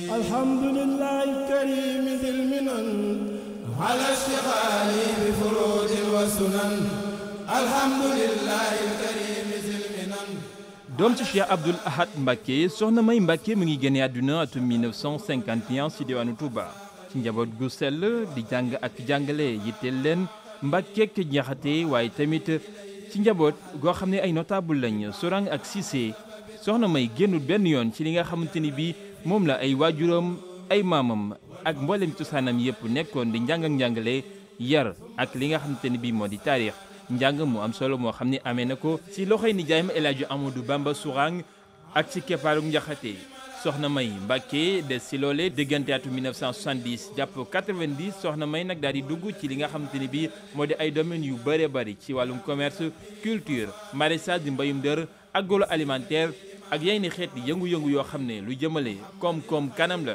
الحمد لله الكريم ذي المنن على اشتغال بفروض وسنن الحمد لله الكريم ذي المنن doom ci Cheikh Abdoul Ahad Mbacké soxna May Mbacké mu ngi génne àdduna atum 1951 ci diwaanu Touba ci njaboot gu sell di jàng ak jàngale yitteel leen Mbacké ak waaye tamit ci njaboot goo xam ne ay notable lañ Sorang ak Cissé soxna May génnul benn yoon ci li nga xamante ni bii moom la ay waajuram ay maamam ak mboolem cosaanam yëpp nekkoon di njàng ak njàngale yar ak li nga xamante ne bii moo di taarix njàng mu am solo moo xam ni amee na ko ci loxoy nijaayam El Hadj Amadou Bamba Sourang ak ci keppaaru njaxate soxna May Mbacke des si loolee diggante atu 1970 jàpp 90 soxna May nag daal di dugg ci li nga xamante ne bii moo di ay domaines yu bëree bëri ci wàllum commerce culture maraîchage di mbayum dër ak golo alimentaire ak yenn xeeti yëngu-yëngu yoo xam ne lu jëmale koom-koom kanam la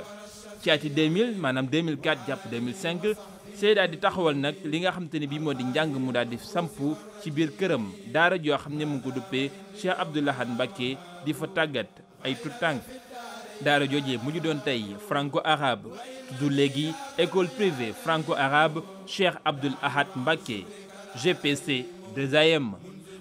ci ati 2000 maanaam 2004 jàpp 2005 Seye daal di taxawal nag li nga xam te ne bii moo di njàng mu daal di samp ci biir këram daara joo xam ne mu ngi ko duppee Cheikh Abdou Lahad Mbacké di fa tàggat ay tout tànk daara joojee mu ñu doon tey franco arabe du léegi école privée franco arabe Cheikh Abdoul Ahad gp GPC 2AM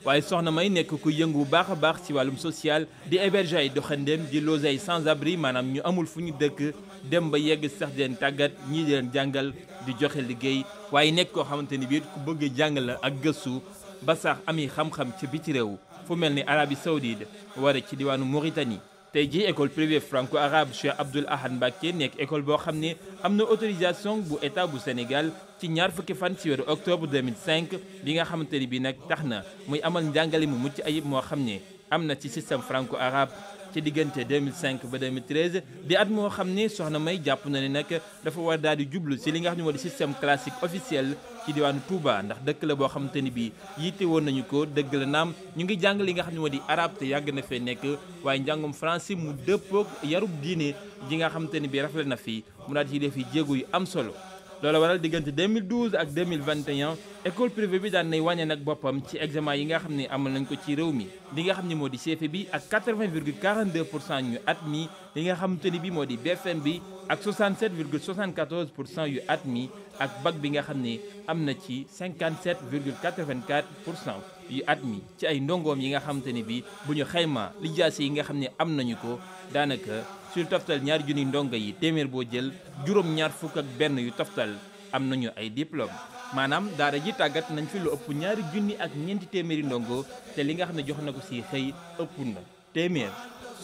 waaye soxna may nekk ku yëngu bu baax a baax ci wàllum social di héberger ay doxandéem di loger ay sans maanaam ñu amul fu ñu dëkk dem ba yegg sax di leen tàggat ñii leen jàngal di joxe liggéey waaye nekk koo xamante ni bii ku bëgg jàng la ak gëstu ba sax ami xam-xam ca biti réew fu mel ni Arabie Saoudite wara ci diwaanu Mauritanie tey jii école privée franco arabe Cheikh Abdoul Ahad Mbacké nekk école boo xam ne am na autorisation bu état bu Sénégal ci ñaar fukki fan ci weeru octobre 2005 bi nga xamante ni bi nag tax na muy amal njàngale mu mucc ayib moo xam ne am na ci système franco arabe ci diggante 2005 ba 2013 di at moo xam ne soxna May jàpp na ne nag dafa war daal di jublu si li nga xam ne moo di système classique officiel ci diwaanu Touba ndax dëkk la boo xamante ni bii yitte woon nañu ko dëgg la naam ñu ngi jàng li nga xam ne moo di arabe te yàgg na fee nekk waaye njàngum français mu dëppoog yarub diine ji nga xamante ni bii rafet na fii mu daal di def yi jéego yu am solo. loola waral diggante 2012 ak 2021 école privée bi daan nay wàññe nag boppam ci examen yi nga xam ni amal nañ ko ci réew mi li nga xam ne moo di CFEE bi ak 80 virgule 42 pour cent ñu at mi li nga xamante ni bi moo di BFM bi ak 67 virgule 74 pour cent yu at mi ak bac bi nga xam ne am na ci 57 virgule 84 pour cent yu at mi ci ay ndongoom yi nga xamante ni bi bu ñu xayma lijaase yi nga xam ne am nañu ko daanaka suy toftal ñaar junni ndongo yi téeméer boo jël juróom ñaar fukk ak benn yu toftal am nañu ay diplôme maanaam daara ji tàggat nañ fi lu ëpp ñaari junni ak ñeenti téeméeri ndongo te li nga xam ne jox na ko si xëy ëpp na téeméer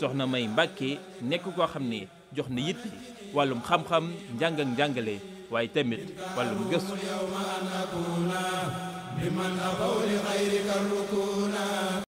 soxna May Mbàkke nekk koo xam ne jox na yitte wàllum xam-xam njàng ak njàngale waaye tamit wàllum